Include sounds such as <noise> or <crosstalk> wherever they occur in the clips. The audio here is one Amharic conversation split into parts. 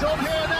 from here now.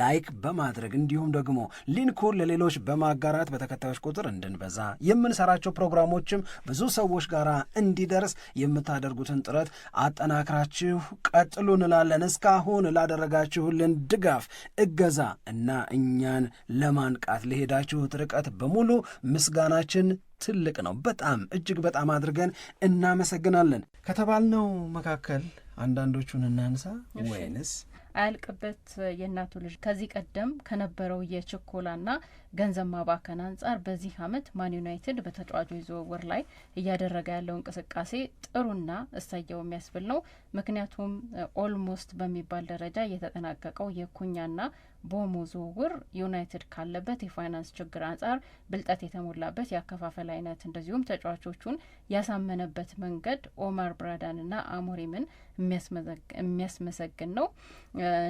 ላይክ በማድረግ እንዲሁም ደግሞ ሊንኩን ለሌሎች በማጋራት በተከታዮች ቁጥር እንድንበዛ የምንሰራቸው ፕሮግራሞችም ብዙ ሰዎች ጋር እንዲደርስ የምታደርጉትን ጥረት አጠናክራችሁ ቀጥሉ እንላለን። እስካሁን ላደረጋችሁልን ድጋፍ፣ እገዛ እና እኛን ለማንቃት ለሄዳችሁት ርቀት በሙሉ ምስጋናችን ትልቅ ነው። በጣም እጅግ በጣም አድርገን እናመሰግናለን። ከተባልነው መካከል አንዳንዶቹን እናንሳ ወይንስ አያልቅበት የእናቱ ልጅ ከዚህ ቀደም ከነበረው የችኮላና ገንዘብ ማባከን አንጻር በዚህ አመት ማን ዩናይትድ በተጫዋቾች ዝውውር ላይ እያደረገ ያለው እንቅስቃሴ ጥሩና እሰየው የሚያስብል ነው። ምክንያቱም ኦልሞስት በሚባል ደረጃ የተጠናቀቀው የኩኛና ቦሞ ዝውውር ዩናይትድ ካለበት የፋይናንስ ችግር አንጻር ብልጠት የተሞላበት የአከፋፈል አይነት እንደዚሁም ተጫዋቾቹን ያሳመነበት መንገድ ኦማር ብራዳንና አሞሪምን የሚያስመሰግን ነው።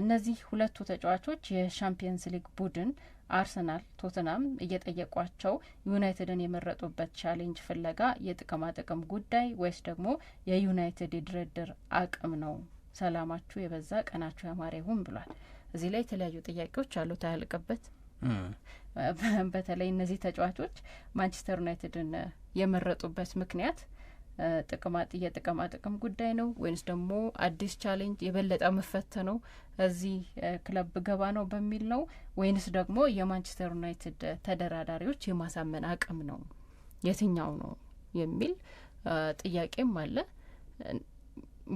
እነዚህ ሁለቱ ተጫዋቾች የሻምፒየንስ ሊግ ቡድን አርሰናል፣ ቶትናም እየጠየቋቸው ዩናይትድን የመረጡበት ቻሌንጅ ፍለጋ የጥቅማጥቅም ጉዳይ ወይስ ደግሞ የዩናይትድ የድርድር አቅም ነው? ሰላማችሁ የበዛ ቀናችሁ ያማረ ይሁን ብሏል። እዚህ ላይ የተለያዩ ጥያቄዎች አሉ ታያልቅበት <laughs> በተለይ እነዚህ ተጫዋቾች ማንቸስተር ዩናይትድን የመረጡበት ምክንያት ጥቅማጥ የጥቅማ ጥቅም ጉዳይ ነው ወይንስ ደግሞ አዲስ ቻሌንጅ የበለጠ ነው እዚህ ክለብ ገባ ነው በሚል ነው ወይንስ ደግሞ የማንቸስተር ዩናይትድ ተደራዳሪዎች የማሳመን አቅም ነው የትኛው ነው የሚል ጥያቄም አለ።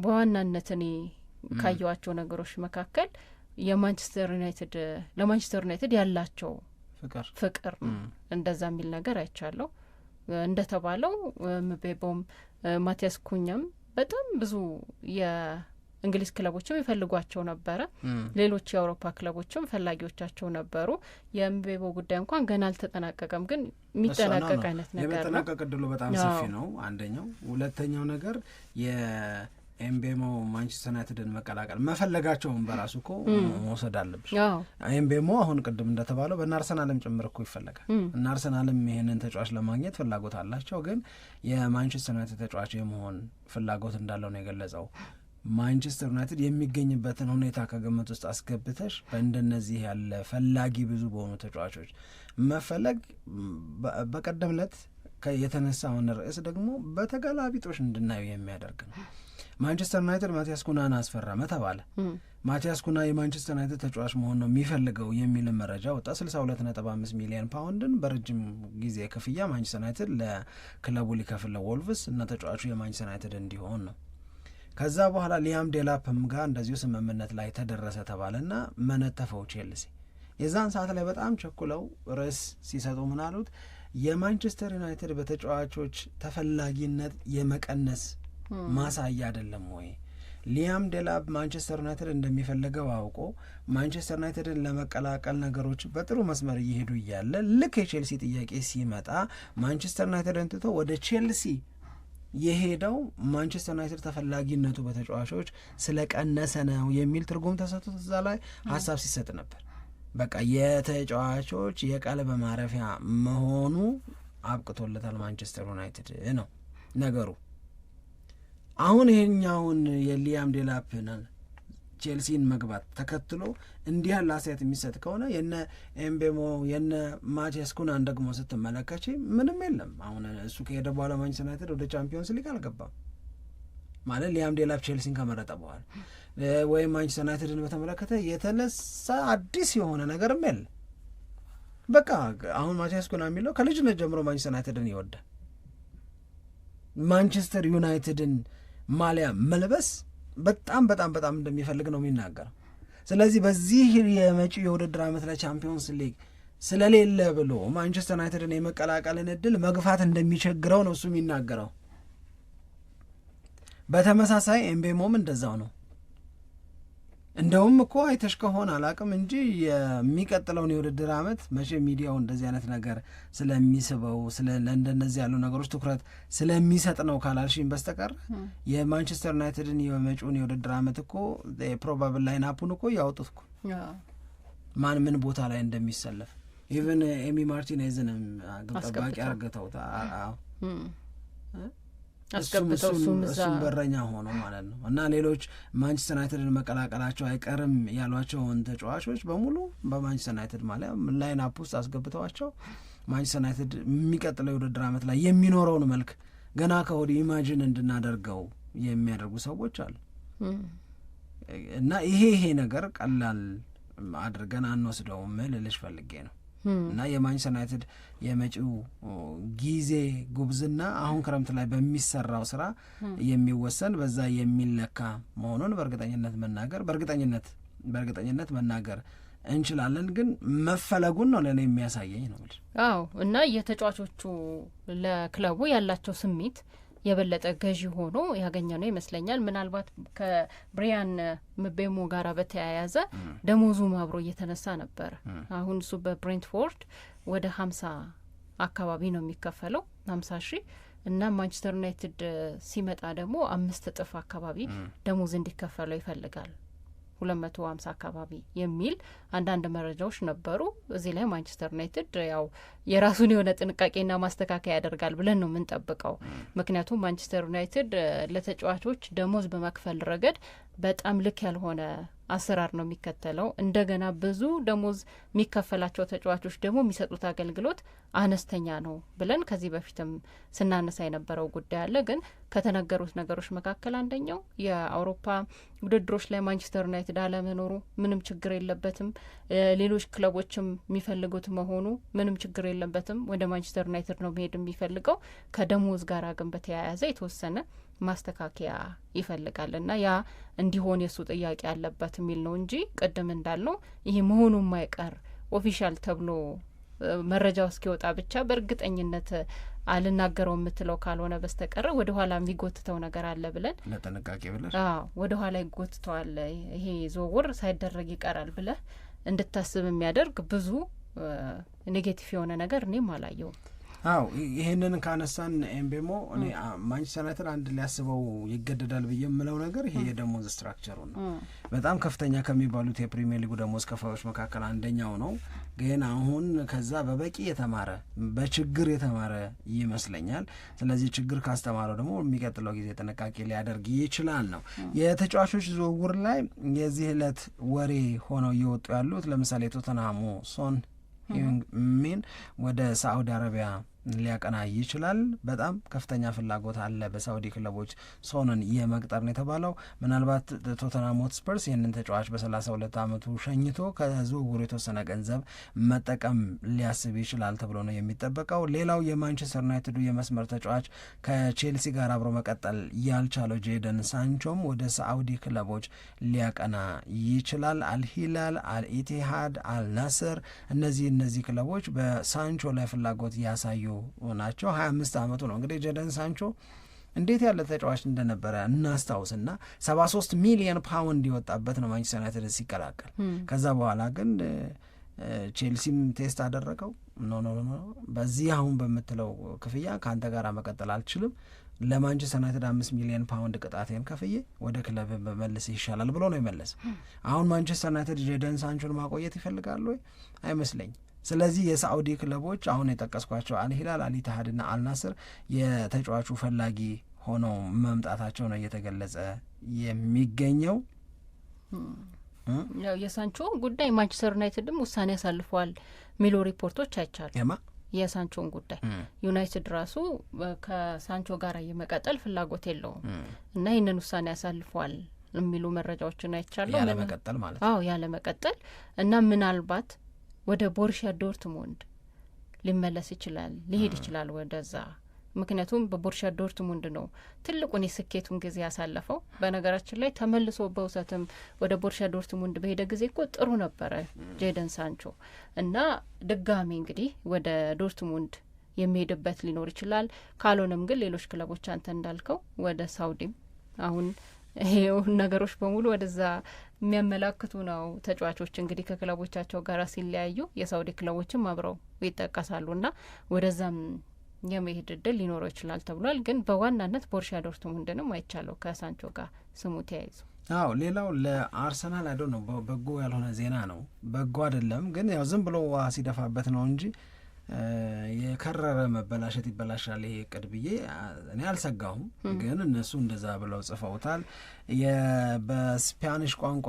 በዋናነት እኔ ካየዋቸው ነገሮች መካከል የማንቸስተር ዩናይትድ ለማንቸስተር ዩናይትድ ያላቸው ፍቅር ፍቅር እንደዛ የሚል ነገር አይቻለሁ። እንደተባለው ምቤቦም ማቲያስ ኩኛም በጣም ብዙ የእንግሊዝ ክለቦችም ይፈልጓቸው ነበረ። ሌሎች የአውሮፓ ክለቦችም ፈላጊዎቻቸው ነበሩ። የምቤቦ ጉዳይ እንኳን ገና አልተጠናቀቀም፣ ግን የሚጠናቀቅ አይነት ነገር ነው። የመጠናቀቅ እድሉ በጣም ሰፊ ነው። አንደኛው ሁለተኛው ነገር ኤምቤሞ ማንቸስተር ዩናይትድን መቀላቀል መፈለጋቸውን በራሱ እኮ መውሰድ አለብሽ። ኤምቤሞ አሁን ቅድም እንደተባለው በእነ አርሰናልም ጭምር እኮ ይፈለጋል እና አርሰናልም ይህንን ተጫዋች ለማግኘት ፍላጎት አላቸው። ግን የማንቸስተር ዩናይትድ ተጫዋች የመሆን ፍላጎት እንዳለው ነው የገለጸው። ማንቸስተር ዩናይትድ የሚገኝበትን ሁኔታ ከግምት ውስጥ አስገብተሽ በእንደነዚህ ያለ ፈላጊ ብዙ በሆኑ ተጫዋቾች መፈለግ በቀደም ዕለት የተነሳውን ርዕስ ደግሞ በተገላቢጦሽ እንድናየው የሚያደርግ ነው። ማንቸስተር ዩናይትድ ማቲያስ ኩናን አስፈረመ ተባለ። ማቲያስ ኩና የማንቸስተር ዩናይትድ ተጫዋች መሆን ነው የሚፈልገው የሚልን መረጃ ወጣ። አምስት ሚሊዮን ፓውንድን በረጅም ጊዜ ክፍያ ማንቸስተር ዩናይትድ ለክለቡ ሊከፍል ለወልቭስ እና ተጫዋቹ የማንቸስተር ዩናይትድ እንዲሆን ነው። ከዛ በኋላ ሊያም ዴላፕም ጋር እንደዚሁ ስምምነት ላይ ተደረሰ ተባለና መነተፈው ቼልሲ። የዛን ሰዓት ላይ በጣም ቸኩለው ርዕስ ሲሰጡ ምናሉት የማንቸስተር ዩናይትድ በተጫዋቾች ተፈላጊነት የመቀነስ ማሳያ አይደለም ወይ? ሊያም ደላብ ማንቸስተር ዩናይትድ እንደሚፈልገው አውቆ ማንቸስተር ዩናይትድን ለመቀላቀል ነገሮች በጥሩ መስመር እየሄዱ እያለ ልክ የቼልሲ ጥያቄ ሲመጣ ማንቸስተር ዩናይትድን ትቶ ወደ ቼልሲ የሄደው ማንቸስተር ዩናይትድ ተፈላጊነቱ በተጫዋቾች ስለቀነሰ ነው የሚል ትርጉም ተሰጥቶት እዛ ላይ ሀሳብ ሲሰጥ ነበር። በቃ የተጫዋቾች የቀልብ ማረፊያ መሆኑ አብቅቶለታል ማንቸስተር ዩናይትድ ነው ነገሩ። አሁን ይሄኛውን የሊያም ዴላፕን ቼልሲን መግባት ተከትሎ እንዲህ ያለ አስተያየት የሚሰጥ ከሆነ የነ ኤምቤሞ የነ ማቴስ ኩናን ደግሞ ስትመለከች ምንም የለም። አሁን እሱ ከሄደ በኋላ ማንቸስተር ዩናይትድ ወደ ቻምፒዮንስ ሊግ አልገባም ማለት ሊያም ዴላፕ ቼልሲን ከመረጠ በኋላ ወይም ማንቸስተር ዩናይትድን በተመለከተ የተነሳ አዲስ የሆነ ነገርም የለም። በቃ አሁን ማቴስ ኩና የሚለው ከልጅነት ጀምሮ ማንቸስተር ዩናይትድን ይወዳል። ማንቸስተር ዩናይትድን ማሊያ መልበስ በጣም በጣም በጣም እንደሚፈልግ ነው የሚናገረው። ስለዚህ በዚህ የመጪው የውድድር ዓመት ለቻምፒዮንስ ሊግ ስለሌለ ብሎ ማንቸስተር ዩናይትድን የመቀላቀልን እድል መግፋት እንደሚቸግረው ነው እሱ የሚናገረው። በተመሳሳይ ኤምቤሞም እንደዛው ነው። እንደውም እኮ አይተሽ ከሆነ አላቅም እንጂ የሚቀጥለውን የውድድር ዓመት መቼ ሚዲያው እንደዚህ አይነት ነገር ስለሚስበው ለእንደነዚህ ያሉ ነገሮች ትኩረት ስለሚሰጥ ነው ካላልሽኝ በስተቀር የማንቸስተር ዩናይትድን የመጪውን የውድድር ዓመት እኮ የፕሮባብል ላይን አፑን እኮ ያወጡት እኮ ማን ምን ቦታ ላይ እንደሚሰለፍ ኢቨን ኤሚ ማርቲኔዝንም ግብ ጠባቂ አርግተውታል። እሱም በረኛ ሆኖ ማለት ነው እና ሌሎች ማንቸስተር ዩናይትድን መቀላቀላቸው አይቀርም ያሏቸውን ተጫዋቾች በሙሉ በማንቸስተር ዩናይትድ ማሊያ ላይን አፕ ውስጥ አስገብተዋቸው ማንቸስተር ዩናይትድ የሚቀጥለው የውድድር ዓመት ላይ የሚኖረውን መልክ ገና ከወዲሁ ኢማጂን እንድናደርገው የሚያደርጉ ሰዎች አሉ እና ይሄ ይሄ ነገር ቀላል አድርገን አንወስደውም ልልሽ ፈልጌ ነው። Hmm. እና የማንቸስተር ዩናይትድ የመጪው ጊዜ ጉብዝና አሁን ክረምት ላይ በሚሰራው ስራ hmm. የሚወሰን በዛ የሚለካ መሆኑን በእርግጠኝነት መናገር በእርግጠኝነት በእርግጠኝነት መናገር እንችላለን ግን መፈለጉን ነው ለእኔ የሚያሳየኝ ነው። አዎ እና የተጫዋቾቹ ለክለቡ ያላቸው ስሜት የበለጠ ገዢ ሆኖ ያገኘ ነው ይመስለኛል። ምናልባት ከብሪያን ምቤሞ ጋር በተያያዘ ደሞዙም አብሮ እየተነሳ ነበረ። አሁን እሱ በብሬንትፎርድ ወደ ሀምሳ አካባቢ ነው የሚከፈለው ሀምሳ ሺህ እና ማንቸስተር ዩናይትድ ሲመጣ ደግሞ አምስት እጥፍ አካባቢ ደሞዝ እንዲከፈለው ይፈልጋል። ሁለት መቶ ሀምሳ አካባቢ የሚል አንዳንድ መረጃዎች ነበሩ። እዚህ ላይ ማንቸስተር ዩናይትድ ያው የራሱን የሆነ ጥንቃቄና ማስተካከያ ያደርጋል ብለን ነው የምንጠብቀው። ምክንያቱም ማንቸስተር ዩናይትድ ለተጫዋቾች ደሞዝ በመክፈል ረገድ በጣም ልክ ያልሆነ አሰራር ነው የሚከተለው። እንደገና ብዙ ደሞዝ የሚከፈላቸው ተጫዋቾች ደግሞ የሚሰጡት አገልግሎት አነስተኛ ነው ብለን ከዚህ በፊትም ስናነሳ የነበረው ጉዳይ አለ። ግን ከተነገሩት ነገሮች መካከል አንደኛው የአውሮፓ ውድድሮች ላይ ማንቸስተር ዩናይትድ አለመኖሩ ምንም ችግር የለበትም፣ ሌሎች ክለቦችም የሚፈልጉት መሆኑ ምንም ችግር የለበትም። ወደ ማንቸስተር ዩናይትድ ነው መሄድ የሚፈልገው። ከደሞዝ ጋር ግን በተያያዘ የተወሰነ ማስተካከያ ይፈልጋል እና ያ እንዲሆን የእሱ ጥያቄ አለበት የሚል ነው እንጂ ቅድም እንዳልነው ይሄ መሆኑ የማይቀር ኦፊሻል ተብሎ መረጃው እስኪወጣ ብቻ በእርግጠኝነት አልናገረው የምትለው ካልሆነ በስተቀረ ወደ ኋላ የሚጎትተው ነገር አለ ብለን ለጥንቃቄ ብለን ወደ ኋላ ይጎትተዋል፣ ይሄ ዝውውር ሳይደረግ ይቀራል ብለህ እንድታስብ የሚያደርግ ብዙ ኔጌቲቭ የሆነ ነገር እኔም አላየውም። አው ይህንን ካነሳን ኤምቤሞ እኔ ማንቸስተር ዩናይትድ አንድ ሊያስበው ይገደዳል ብዬ የምለው ነገር ይሄ የደሞዝ ስትራክቸሩ ነው። በጣም ከፍተኛ ከሚባሉት የፕሪሚየር ሊጉ ደሞዝ ከፋዮች መካከል አንደኛው ነው። ግን አሁን ከዛ በበቂ የተማረ በችግር የተማረ ይመስለኛል። ስለዚህ ችግር ካስተማረው ደግሞ የሚቀጥለው ጊዜ ጥንቃቄ ሊያደርግ ይችላል ነው። የተጫዋቾች ዝውውር ላይ የዚህ እለት ወሬ ሆነው እየወጡ ያሉት ለምሳሌ ቶተንሃሙ ሶን ሚን ወደ ሳዑዲ አረቢያ ሊያቀና ይችላል። በጣም ከፍተኛ ፍላጎት አለ በሳውዲ ክለቦች ሶንን የመቅጠር ነው የተባለው። ምናልባት ቶተንሃም ሆትስፐርስ ይህንን ተጫዋች በሰላሳ ሁለት ዓመቱ ሸኝቶ ከዝውውሩ የተወሰነ ገንዘብ መጠቀም ሊያስብ ይችላል ተብሎ ነው የሚጠበቀው። ሌላው የማንቸስተር ዩናይትዱ የመስመር ተጫዋች ከቼልሲ ጋር አብሮ መቀጠል ያልቻለው ጄደን ሳንቾም ወደ ሳውዲ ክለቦች ሊያቀና ይችላል። አልሂላል፣ አልኢቲሃድ፣ አልናስር እነዚህ እነዚህ ክለቦች በሳንቾ ላይ ፍላጎት ያሳዩ ናቸው። ሀያ አምስት አመቱ ነው እንግዲህ ጀደን ሳንቾ እንዴት ያለ ተጫዋች እንደነበረ እናስታውስና ሰባ ሶስት ሚሊየን ፓውንድ የወጣበት ነው ማንቸስተር ዩናይትድ ሲቀላቀል። ከዛ በኋላ ግን ቼልሲም ቴስት አደረገው። ኖ ኖ ኖ በዚህ አሁን በምትለው ክፍያ ከአንተ ጋር መቀጠል አልችልም፣ ለማንቸስተር ዩናይትድ አምስት ሚሊየን ፓውንድ ቅጣቴን ከፍዬ ወደ ክለብ በመልስ ይሻላል ብሎ ነው የመለሰ። አሁን ማንቸስተር ዩናይትድ ጀደን ሳንቾን ማቆየት ይፈልጋሉ ወይ? አይመስለኝም። ስለዚህ የሳዑዲ ክለቦች አሁን የጠቀስኳቸው አልሂላል፣ ና አልናስር የተጫዋቹ ፈላጊ ሆነው መምጣታቸው ነው እየተገለጸ የሚገኘው። የሳንቾ ጉዳይ ማንቸስተር ዩናይትድም ውሳኔ አሳልፈዋል የሚሉ ሪፖርቶች አይቻሉ። የሳንቾን ጉዳይ ዩናይትድ ራሱ ከሳንቾ ጋር የመቀጠል ፍላጎት የለውም እና ይህንን ውሳኔ ያሳልፈዋል የሚሉ መረጃዎችን አይቻለሁ። ያለመቀጠል ማለት አዎ፣ ያለመቀጠል እና ምናልባት ወደ ቦሩሺያ ዶርትሙንድ ሊመለስ ይችላል፣ ሊሄድ ይችላል ወደዛ። ምክንያቱም በቦርሻ ዶርትሙንድ ነው ትልቁን የስኬቱን ጊዜ ያሳለፈው። በነገራችን ላይ ተመልሶ በውሰትም ወደ ቦርሻ ዶርትሙንድ በሄደ ጊዜ እኮ ጥሩ ነበረ ጄደን ሳንቾ እና ድጋሚ እንግዲህ ወደ ዶርትሙንድ የሚሄድበት ሊኖር ይችላል። ካልሆነም ግን ሌሎች ክለቦች አንተ እንዳልከው ወደ ሳውዲም አሁን ይሄውን ነገሮች በሙሉ ወደዛ የሚያመላክቱ ነው። ተጫዋቾች እንግዲህ ከክለቦቻቸው ጋር ሲለያዩ የሳውዲ ክለቦችም አብረው ይጠቀሳሉ ና ወደዛም የመሄድ እድል ሊኖረው ይችላል ተብሏል። ግን በዋናነት ቦርሺያ ዶርትሙንድንም አይቻለው ከሳንቾ ጋር ስሙ ተያይዞ። አዎ ሌላው ለአርሰናል አይደ ነው በጎ ያልሆነ ዜና ነው። በጎ አይደለም ግን ያው ዝም ብሎ ውሃ ሲደፋበት ነው እንጂ የከረረ መበላሸት ይበላሻል ይሄ እቅድ ብዬ እኔ አልሰጋሁም፣ ግን እነሱ እንደዛ ብለው ጽፈውታል። በስፓኒሽ ቋንቋ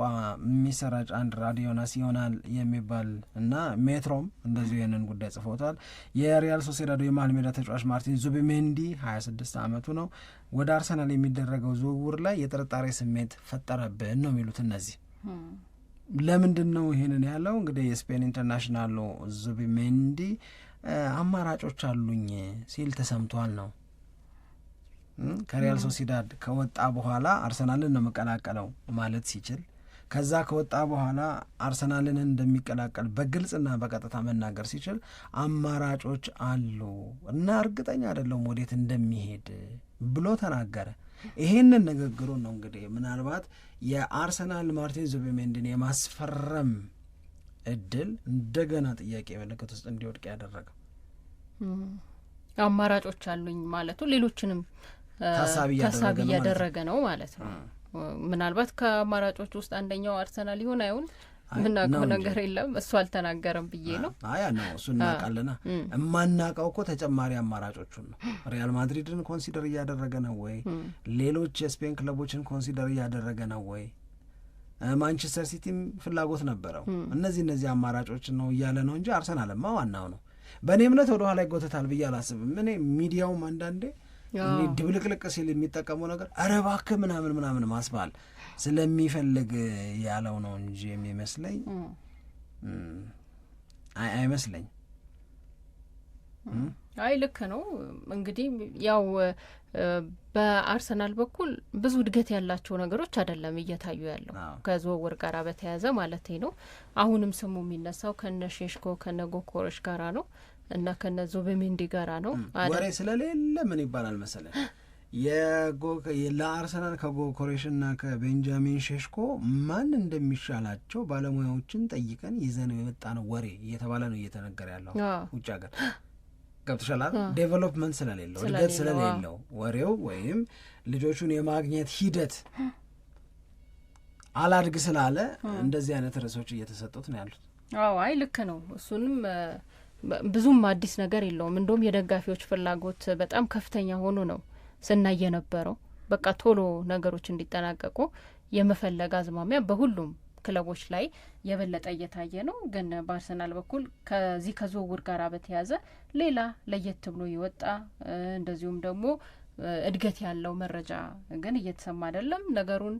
የሚሰራጭ አንድ ራዲዮ ናሲዮናል የሚባል እና ሜትሮም እንደዚሁ ይህንን ጉዳይ ጽፈውታል። የሪያል ሶሴዳዶ የመሀል ሜዳ ተጫዋች ማርቲን ዙቢሜንዲ 26 ዓመቱ ነው። ወደ አርሰናል የሚደረገው ዝውውር ላይ የጥርጣሬ ስሜት ፈጠረብን ነው የሚሉት እነዚህ ለምንድን ነው ይህንን ያለው? እንግዲህ የስፔን ኢንተርናሽናሉ ዙቢሜንዲ አማራጮች አሉኝ ሲል ተሰምቷል ነው ከሪያል ሶሲዳድ ከወጣ በኋላ አርሰናልን ነው መቀላቀለው ማለት ሲችል ከዛ ከወጣ በኋላ አርሰናልን እንደሚቀላቀል በግልጽና በቀጥታ መናገር ሲችል አማራጮች አሉ እና እርግጠኛ አይደለውም ወዴት እንደሚሄድ ብሎ ተናገረ። ይሄንን ንግግሩን ነው እንግዲህ ምናልባት የአርሰናል ማርቲን ዙቢሜንዲን የማስፈረም እድል እንደገና ጥያቄ ምልክት ውስጥ እንዲወድቅ ያደረገው። አማራጮች አሉኝ ማለቱ ሌሎችንም ታሳቢ እያደረገ ነው ማለት ነው። ምናልባት ከአማራጮች ውስጥ አንደኛው አርሰናል ይሆን አይሁን ምናውቀው ነገር የለም። እሱ አልተናገረም ብዬ ነው። አያ ነው እሱ እናውቃለና የማናውቀው እኮ ተጨማሪ አማራጮቹን ነው። ሪያል ማድሪድን ኮንሲደር እያደረገ ነው ወይ? ሌሎች የስፔን ክለቦችን ኮንሲደር እያደረገ ነው ወይ? ማንቸስተር ሲቲም ፍላጎት ነበረው። እነዚህ እነዚህ አማራጮች ነው እያለ ነው እንጂ አርሰናልማ ዋናው ነው። በእኔ እምነት ወደ ኋላ ይጎተታል ብዬ አላስብም። እኔ ሚዲያውም አንዳንዴ ድብልቅልቅ ሲል የሚጠቀመው ነገር ኧረ እባክህ ምናምን ምናምን ማስባል ስለሚፈልግ ያለው ነው እንጂ የሚመስለኝ አይመስለኝ። አይ ልክ ነው እንግዲህ ያው በአርሰናል በኩል ብዙ እድገት ያላቸው ነገሮች አይደለም እየታዩ ያለው ከዝውውር ጋር በተያያዘ ማለት ነው። አሁንም ስሙ የሚነሳው ከነ ሼሽኮ ከነ ጎኮሮች ጋራ ነው እና ከነ ዙቢሜንዲ ጋራ ነው። ወሬ ስለሌለ ምን ይባላል መሰለን ለአርሰናል ከጎኮሬሽና ከቤንጃሚን ሼሽኮ ማን እንደሚሻላቸው ባለሙያዎችን ጠይቀን ይዘን የመጣ ነው ወሬ እየተባለ ነው እየተነገረ ያለው ውጭ ሀገር ገብቶሻል ዴቨሎፕመንት ስለሌለው እድገት ስለሌለው ወሬው ወይም ልጆቹን የማግኘት ሂደት አላድግ ስላለ እንደዚህ አይነት ርዕሶች እየተሰጡት ነው ያሉት። አዎ አይ ልክ ነው። እሱንም ብዙም አዲስ ነገር የለውም። እንደውም የደጋፊዎች ፍላጎት በጣም ከፍተኛ ሆኖ ነው ስናይ የነበረው። በቃ ቶሎ ነገሮች እንዲጠናቀቁ የመፈለግ አዝማሚያ በሁሉም ክለቦች ላይ የበለጠ እየታየ ነው። ግን በአርሰናል በኩል ከዚህ ከዝውውር ጋር በተያያዘ ሌላ ለየት ብሎ የወጣ እንደዚሁም ደግሞ እድገት ያለው መረጃ ግን እየተሰማ አይደለም። ነገሩን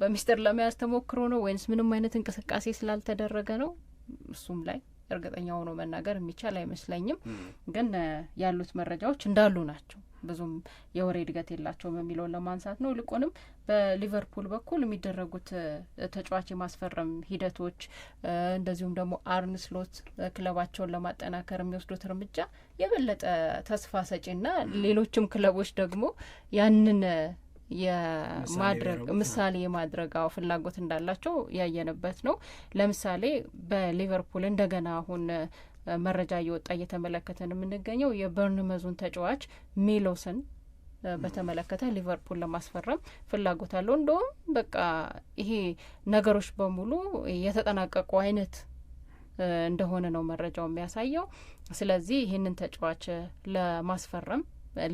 በሚስጥር ለመያዝ ተሞክሮ ነው ወይንስ ምንም አይነት እንቅስቃሴ ስላልተደረገ ነው? እሱም ላይ እርግጠኛ ሆኖ መናገር የሚቻል አይመስለኝም። ግን ያሉት መረጃዎች እንዳሉ ናቸው። ብዙም የወሬ እድገት የላቸውም የሚለውን ለማንሳት ነው። ይልቁንም በሊቨርፑል በኩል የሚደረጉት ተጫዋች የማስፈረም ሂደቶች እንደዚሁም ደግሞ አርን ስሎት ክለባቸውን ለማጠናከር የሚወስዱት እርምጃ የበለጠ ተስፋ ሰጪና ሌሎችም ክለቦች ደግሞ ያንን የማድረግ ምሳሌ የማድረግ አዎ ፍላጎት እንዳላቸው ያየንበት ነው። ለምሳሌ በሊቨርፑል እንደገና አሁን መረጃ እየወጣ እየተመለከተን የምንገኘው የበርንመዙን ተጫዋች ሚሎስን በተመለከተ ሊቨርፑል ለማስፈረም ፍላጎት አለው። እንደውም በቃ ይሄ ነገሮች በሙሉ የተጠናቀቁ አይነት እንደሆነ ነው መረጃው የሚያሳየው። ስለዚህ ይህንን ተጫዋች ለማስፈረም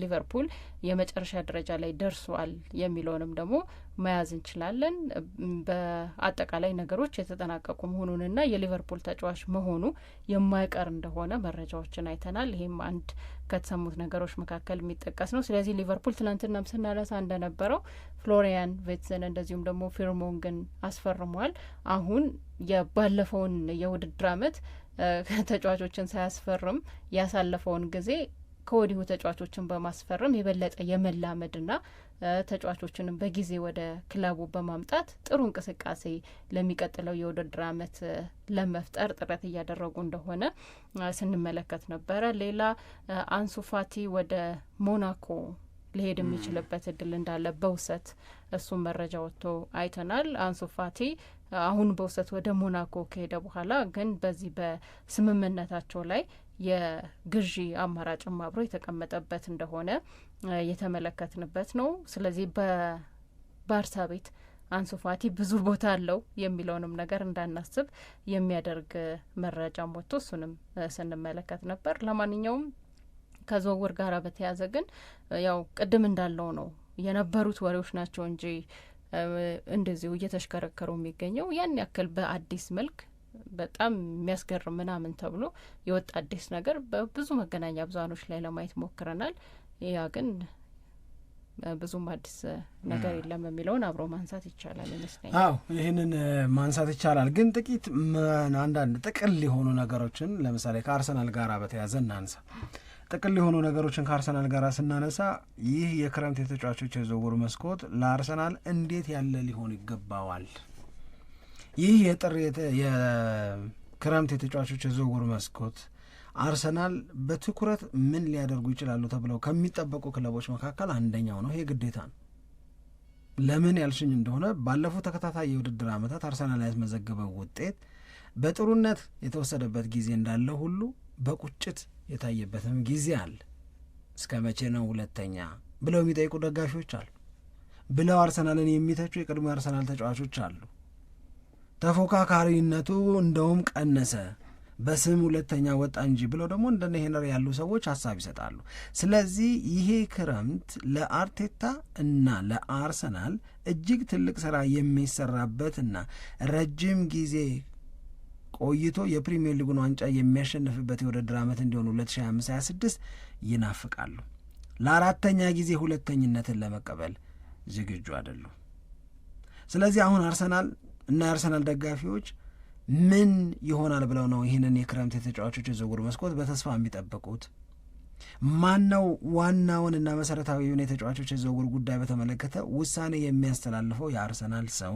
ሊቨርፑል የመጨረሻ ደረጃ ላይ ደርሷል የሚለውንም ደግሞ መያዝ እንችላለን። በአጠቃላይ ነገሮች የተጠናቀቁ መሆኑንና የሊቨርፑል ተጫዋች መሆኑ የማይቀር እንደሆነ መረጃዎችን አይተናል። ይህም አንድ ከተሰሙት ነገሮች መካከል የሚጠቀስ ነው። ስለዚህ ሊቨርፑል ትናንትናም ስናነሳ እንደነበረው ፍሎሪያን ቬትዘን እንደዚሁም ደግሞ ፊርሞንግን አስፈርሟል። አሁን የባለፈውን የውድድር አመት ተጫዋቾችን ሳያስፈርም ያሳለፈውን ጊዜ ከወዲሁ ተጫዋቾችን በማስፈረም የበለጠ የመላመድና ተጫዋቾችንም በጊዜ ወደ ክለቡ በማምጣት ጥሩ እንቅስቃሴ ለሚቀጥለው የውድድር ዓመት ለመፍጠር ጥረት እያደረጉ እንደሆነ ስንመለከት ነበረ። ሌላ አንሱፋቲ ወደ ሞናኮ ሊሄድ የሚችልበት እድል እንዳለ በውሰት እሱ መረጃ ወጥቶ አይተናል። አንሱፋቲ አሁን በውሰት ወደ ሞናኮ ከሄደ በኋላ ግን በዚህ በስምምነታቸው ላይ የግዢ አማራጭም አብሮ የተቀመጠበት እንደሆነ የተመለከትንበት ነው። ስለዚህ በባርሳ ቤት አንሱ ፋቲ ብዙ ቦታ አለው የሚለውንም ነገር እንዳናስብ የሚያደርግ መረጃም ወጥቶ እሱንም ስንመለከት ነበር። ለማንኛውም ከዝውውር ጋር በተያያዘ ግን ያው ቅድም እንዳለው ነው የነበሩት ወሬዎች ናቸው እንጂ እንደዚሁ እየተሽከረከሩ የሚገኘው ያን ያክል በአዲስ መልክ በጣም የሚያስገርም ምናምን ተብሎ የወጣ አዲስ ነገር በብዙ መገናኛ ብዙሀኖች ላይ ለማየት ሞክረናል። ያ ግን ብዙም አዲስ ነገር የለም የሚለውን አብሮ ማንሳት ይቻላል ይመስለኛል። አዎ ይህንን ማንሳት ይቻላል። ግን ጥቂት አንዳንድ ጥቅል የሆኑ ነገሮችን ለምሳሌ ከአርሰናል ጋር በተያያዘ እናንሳ። ጥቅል የሆኑ ነገሮችን ከአርሰናል ጋር ስናነሳ ይህ የክረምት የተጫዋቾች የዝውውር መስኮት ለአርሰናል እንዴት ያለ ሊሆን ይገባዋል ይህ የጥር የክረምት የተጫዋቾች የዝውውር መስኮት አርሰናል በትኩረት ምን ሊያደርጉ ይችላሉ ተብለው ከሚጠበቁ ክለቦች መካከል አንደኛው ነው። ይሄ ግዴታ ነው። ለምን ያልሽኝ እንደሆነ ባለፉት ተከታታይ የውድድር ዓመታት አርሰናል ያስመዘገበው ውጤት በጥሩነት የተወሰደበት ጊዜ እንዳለ ሁሉ በቁጭት የታየበትም ጊዜ አለ። እስከ መቼ ነው ሁለተኛ ብለው የሚጠይቁ ደጋፊዎች አሉ፣ ብለው አርሰናልን የሚተቹ የቅድሞ አርሰናል ተጫዋቾች አሉ። ተፎካካሪነቱ እንደውም ቀነሰ፣ በስም ሁለተኛ ወጣ እንጂ ብለው ደግሞ እንደነ ሄነር ያሉ ሰዎች ሀሳብ ይሰጣሉ። ስለዚህ ይሄ ክረምት ለአርቴታ እና ለአርሰናል እጅግ ትልቅ ስራ የሚሰራበትና ረጅም ጊዜ ቆይቶ የፕሪሚየር ሊጉን ዋንጫ የሚያሸንፍበት የውድድር ዓመት እንዲሆን 2025/26 ይናፍቃሉ። ለአራተኛ ጊዜ ሁለተኝነትን ለመቀበል ዝግጁ አይደሉም። ስለዚህ አሁን አርሰናል እና የአርሰናል ደጋፊዎች ምን ይሆናል ብለው ነው ይህንን የክረምት የተጫዋቾች የዝውውር መስኮት በተስፋ የሚጠብቁት? ነው ዋናውን እና መሰረታዊውን የተጫዋቾች የዝውውር ጉዳይ በተመለከተ ውሳኔ የሚያስተላልፈው የአርሰናል ሰው?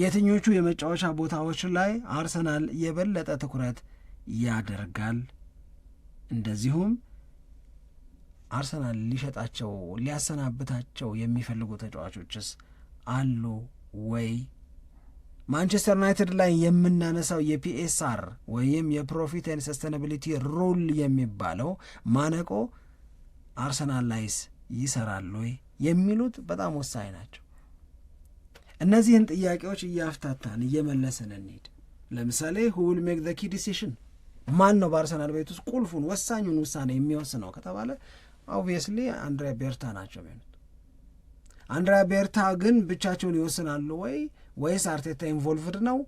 የትኞቹ የመጫወቻ ቦታዎች ላይ አርሰናል የበለጠ ትኩረት ያደርጋል? እንደዚሁም አርሰናል ሊሸጣቸው ሊያሰናብታቸው የሚፈልጉ ተጫዋቾችስ አሉ ወይ ማንቸስተር ዩናይትድ ላይ የምናነሳው የፒኤስአር ወይም የፕሮፊት ኤንድ ሰስተናቢሊቲ ሩል የሚባለው ማነቆ አርሰናል ላይስ ይሰራል ወይ የሚሉት በጣም ወሳኝ ናቸው። እነዚህን ጥያቄዎች እያፍታታን እየመለስን እንሂድ። ለምሳሌ ሁል ሜክ ዘ ኪ ዲሲሽን ማን ነው በአርሰናል ቤት ውስጥ ቁልፉን ወሳኙን ውሳኔ የሚወስነው ከተባለ ኦብቪየስሊ አንድሪያ ቤርታ ናቸው የሚሆኑት። አንድሪያ ቤርታ ግን ብቻቸውን ይወስናሉ ወይ ወይስ አርቴታ ኢንቮልቭድ ነው?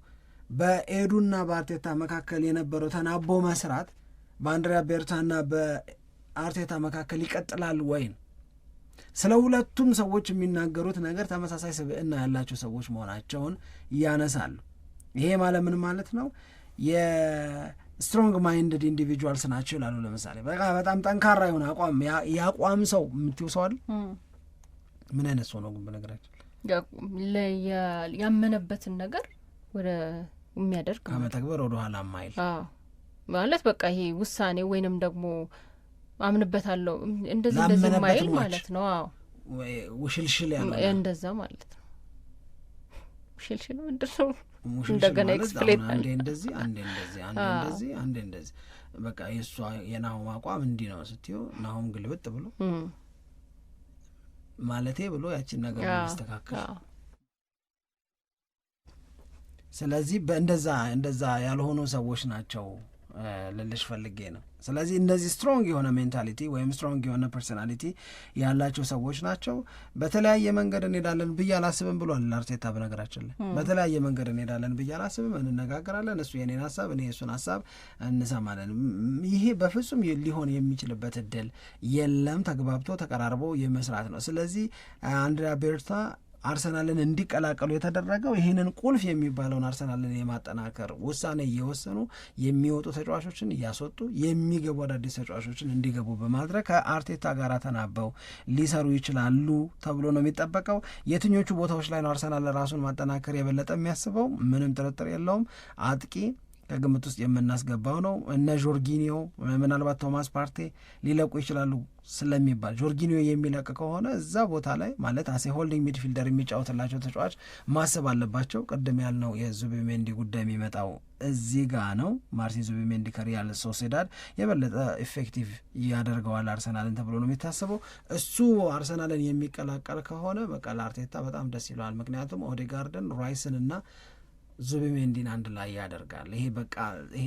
በኤዱና በአርቴታ መካከል የነበረው ተናቦ መስራት በአንድሪያ ቤርታና በአርቴታ መካከል ይቀጥላል ወይን ስለ ሁለቱም ሰዎች የሚናገሩት ነገር ተመሳሳይ ስብዕና ያላቸው ሰዎች መሆናቸውን ያነሳሉ። ይሄ ማለት ምን ማለት ነው? የስትሮንግ ማይንድድ ኢንዲቪጁዋልስ ናቸው ይላሉ። ለምሳሌ በቃ በጣም ጠንካራ የሆነ አቋም የአቋም ሰው የምትውሰዋል። ምን አይነት ሰው ነው ግን በነገራችን ያመነበትን ነገር ወደ የሚያደርግ ከመተግበር ወደ ኋላ ማይል ማለት በቃ ይሄ ውሳኔ ወይንም ደግሞ አምንበታለሁ እንደዚህ እንደዚህ ማይል ማለት ነው። አዎ ውሽልሽል ያለ እንደዛ ማለት ነው። ውሽልሽል ምንድን ነው? እንደገና ኤክስፕሌን አንዴ እንደዚህ አንዴ እንደዚህ አንዴ እንደዚህ አንዴ እንደዚህ በቃ የእሷ የናሆም አቋም እንዲህ ነው ስትይው ናሆም ግልብጥ ብሎ ማለቴ ብሎ ያችን ነገር ያስተካከል። ስለዚህ በእንደዛ እንደዛ ያልሆኑ ሰዎች ናቸው ልልሽ ፈልጌ ነው። ስለዚህ እንደዚህ ስትሮንግ የሆነ ሜንታሊቲ ወይም ስትሮንግ የሆነ ፐርሶናሊቲ ያላቸው ሰዎች ናቸው። በተለያየ መንገድ እንሄዳለን ብዬ አላስብም ብሏል አርቴታ። በነገራችን ላይ በተለያየ መንገድ እንሄዳለን ብዬ አላስብም። እንነጋገራለን። እሱ የኔን ሀሳብ፣ እኔ የእሱን ሀሳብ እንሰማለን። ይሄ በፍጹም ሊሆን የሚችልበት እድል የለም። ተግባብቶ ተቀራርቦ የመስራት ነው። ስለዚህ አንድሪያ ቤርታ አርሰናልን እንዲቀላቀሉ የተደረገው ይህንን ቁልፍ የሚባለውን አርሰናልን የማጠናከር ውሳኔ እየወሰኑ የሚወጡ ተጫዋቾችን እያስወጡ የሚገቡ አዳዲስ ተጫዋቾችን እንዲገቡ በማድረግ ከአርቴታ ጋር ተናበው ሊሰሩ ይችላሉ ተብሎ ነው የሚጠበቀው። የትኞቹ ቦታዎች ላይ ነው አርሰናል ራሱን ማጠናከር የበለጠ የሚያስበው? ምንም ጥርጥር የለውም አጥቂ ከግምት ውስጥ የምናስገባው ነው። እነ ጆርጊኒዮ ምናልባት ቶማስ ፓርቴ ሊለቁ ይችላሉ ስለሚባል ጆርጊኒዮ የሚለቅ ከሆነ እዛ ቦታ ላይ ማለት አሴ ሆልዲንግ ሚድፊልደር የሚጫወትላቸው ተጫዋች ማሰብ አለባቸው። ቅድም ያልነው የዙቢሜንዲ ጉዳይ የሚመጣው እዚህ ጋ ነው። ማርቲን ዙቢሜንዲ ከሪያል ሶሴዳድ የበለጠ ኢፌክቲቭ ያደርገዋል አርሰናልን ተብሎ ነው የሚታሰበው። እሱ አርሰናልን የሚቀላቀል ከሆነ በቃ ለአርቴታ በጣም ደስ ይለዋል። ምክንያቱም ኦዴጋርደን ራይስን እና ዙቢሜንዲን አንድ ላይ ያደርጋል። ይሄ በቃ ይሄ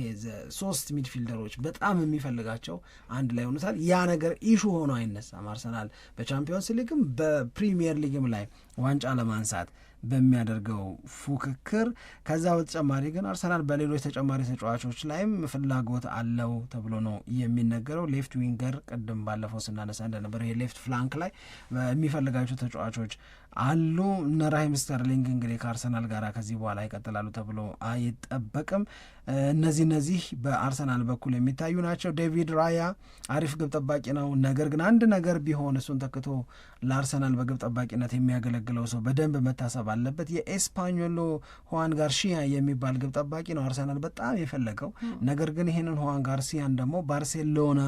ሶስት ሚድፊልደሮች በጣም የሚፈልጋቸው አንድ ላይ ሆኑታል። ያ ነገር ኢሹ ሆኖ አይነሳም። አርሰናል በቻምፒዮንስ ሊግም በፕሪሚየር ሊግም ላይ ዋንጫ ለማንሳት በሚያደርገው ፉክክር ከዛ በተጨማሪ ግን አርሰናል በሌሎች ተጨማሪ ተጫዋቾች ላይም ፍላጎት አለው ተብሎ ነው የሚነገረው። ሌፍት ዊንገር ቅድም ባለፈው ስናነሳ እንደነበረው የሌፍት ፍላንክ ላይ የሚፈልጋቸው ተጫዋቾች አሉ። እነ ራሂም ስተርሊንግ እንግዲህ ከአርሰናል ጋር ከዚህ በኋላ ይቀጥላሉ ተብሎ አይጠበቅም። እነዚህ እነዚህ በአርሰናል በኩል የሚታዩ ናቸው። ዴቪድ ራያ አሪፍ ግብ ጠባቂ ነው። ነገር ግን አንድ ነገር ቢሆን እሱን ተክቶ ለአርሰናል በግብ ጠባቂነት የሚያገለግለው ሰው በደንብ መታሰብ አለበት። የኤስፓኞሎ ሁዋን ጋርሺያ የሚባል ግብ ጠባቂ ነው አርሰናል በጣም የፈለገው። ነገር ግን ይህንን ሁዋን ጋርሲያን ደግሞ ባርሴሎና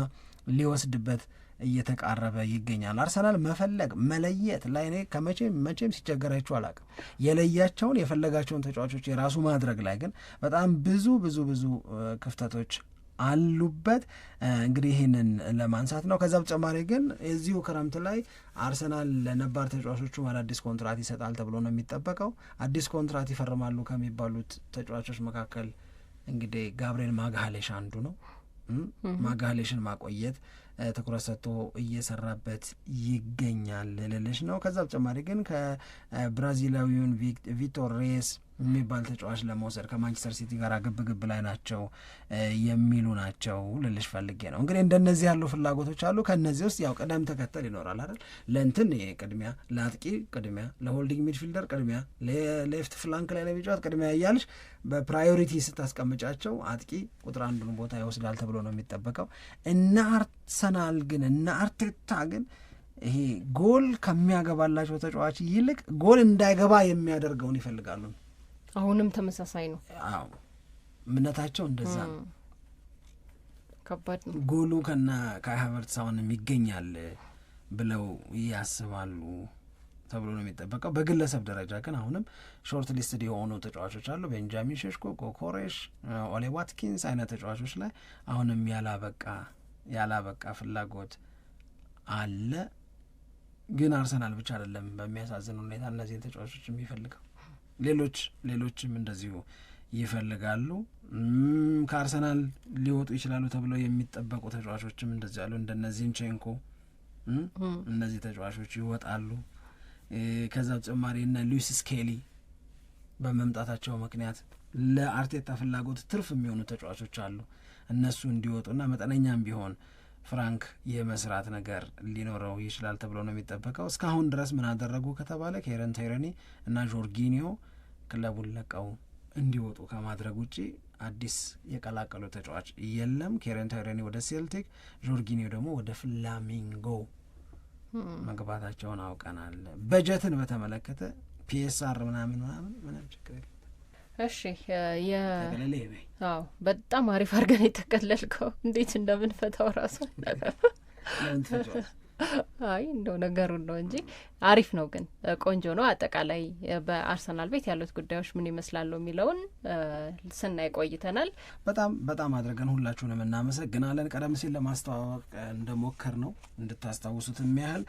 ሊወስድበት እየተቃረበ ይገኛል። አርሰናል መፈለግ መለየት ላይ እኔ ከመቼም መቼም ሲቸገራችሁ አላውቅም። የለያቸውን የፈለጋቸውን ተጫዋቾች የራሱ ማድረግ ላይ ግን በጣም ብዙ ብዙ ብዙ ክፍተቶች አሉበት። እንግዲህ ይህንን ለማንሳት ነው። ከዛ በተጨማሪ ግን የዚሁ ክረምት ላይ አርሰናል ለነባር ተጫዋቾቹ አዳዲስ ኮንትራት ይሰጣል ተብሎ ነው የሚጠበቀው። አዲስ ኮንትራት ይፈርማሉ ከሚባሉት ተጫዋቾች መካከል እንግዲህ ጋብርኤል ማግሃሌሽ አንዱ ነው። ማግሃሌሽን ማቆየት ትኩረት ሰጥቶ እየሰራበት ይገኛል ልልሽ ነው። ከዛ በተጨማሪ ግን ከብራዚላዊውን ቪቶር ሬስ የሚባል ተጫዋች ለመውሰድ ከማንቸስተር ሲቲ ጋር ግብ ግብ ላይ ናቸው የሚሉ ናቸው ልልሽ ፈልጌ ነው። እንግዲህ እንደነዚህ ያሉ ፍላጎቶች አሉ። ከነዚህ ውስጥ ያው ቅደም ተከተል ይኖራል አይደል? ለእንትን ቅድሚያ፣ ለአጥቂ ቅድሚያ፣ ለሆልዲንግ ሚድፊልደር ቅድሚያ፣ ሌፍት ፍላንክ ላይ ለሚጫወት ቅድሚያ እያልሽ በፕራዮሪቲ ስታስቀምጫቸው አጥቂ ቁጥር አንዱን ቦታ ይወስዳል ተብሎ ነው የሚጠበቀው እና አርት አርሰናል ግን እና አርቴታ ግን ይሄ ጎል ከሚያገባላቸው ተጫዋች ይልቅ ጎል እንዳይገባ የሚያደርገውን ይፈልጋሉ። አሁንም ተመሳሳይ ነው። አዎ እምነታቸው እንደዛ ነው። ከባድ ነው። ጎሉ ከና ከካይ ሃቨርትዝ አሁንም ይገኛል ብለው ያስባሉ ተብሎ ነው የሚጠበቀው። በግለሰብ ደረጃ ግን አሁንም ሾርት ሊስትድ የሆኑ ተጫዋቾች አሉ። ቤንጃሚን ሸሽኮ፣ ኮኮሬሽ፣ ኦሌ ዋትኪንስ አይነት ተጫዋቾች ላይ አሁንም ያላበቃ ያላበቃ ፍላጎት አለ። ግን አርሰናል ብቻ አይደለም በሚያሳዝን ሁኔታ እነዚህን ተጫዋቾች የሚፈልገው ሌሎች ሌሎችም እንደዚሁ ይፈልጋሉ። ከአርሰናል ሊወጡ ይችላሉ ተብለው የሚጠበቁ ተጫዋቾችም እንደዚህ ያሉ እንደነዚህን ቼንኮ እነዚህ ተጫዋቾች ይወጣሉ። ከዛ በተጨማሪ እነ ሉዊስ ስኬሊ በመምጣታቸው ምክንያት ለአርቴታ ፍላጎት ትርፍ የሚሆኑ ተጫዋቾች አሉ። እነሱ እንዲወጡና መጠነኛም ቢሆን ፍራንክ የመስራት ነገር ሊኖረው ይችላል ተብሎ ነው የሚጠበቀው። እስካሁን ድረስ ምን አደረጉ ከተባለ ኬረን ቴረኒ እና ጆርጊኒዮ ክለቡን ለቀው እንዲወጡ ከማድረግ ውጪ አዲስ የቀላቀሉ ተጫዋች የለም። ኬረን ቴረኒ ወደ ሴልቲክ፣ ጆርጊኒዮ ደግሞ ወደ ፍላሚንጎ መግባታቸውን አውቀናል። በጀትን በተመለከተ ፒኤስአር ምናምን ምናምን ምንም ችግር የለም። እሺ አዎ በጣም አሪፍ አድርገን የተቀለልከው እንዴት እንደምንፈታው ራሱ አይ እንደው ነገሩን ነው እንጂ አሪፍ ነው ግን ቆንጆ ነው። አጠቃላይ በአርሰናል ቤት ያሉት ጉዳዮች ምን ይመስላሉ የሚለውን ስናይ ቆይተናል። በጣም በጣም አድርገን ሁላችሁንም እናመሰግናለን። ቀደም ሲል ለማስተዋወቅ እንደሞከር ነው እንድታስታውሱት ያህል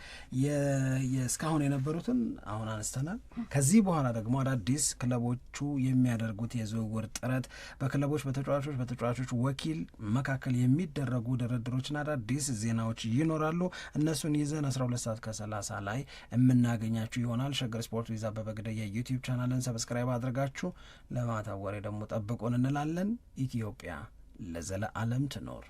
እስካሁን የነበሩትን አሁን አነስተናል። ከዚህ በኋላ ደግሞ አዳዲስ ክለቦቹ የሚያደርጉት የዝውውር ጥረት በክለቦች በተጫዋቾች በተጫዋቾች ወኪል መካከል የሚደረጉ ድርድሮችና አዳዲስ ዜናዎች ይኖራሉ። እነሱን ይዘን አስራ ሁለት ሰዓት ከሰላሳ ላይ የምናገኛችሁ ይሆናል። ሸገር ስፖርት ቪዛ በበግደ የዩቲዩብ ቻናልን ሰብስክራይብ አድርጋችሁ ለማታ ወሬ ደግሞ ጠብቁን እንላለን። ኢትዮጵያ ለዘለ አለም ትኖር።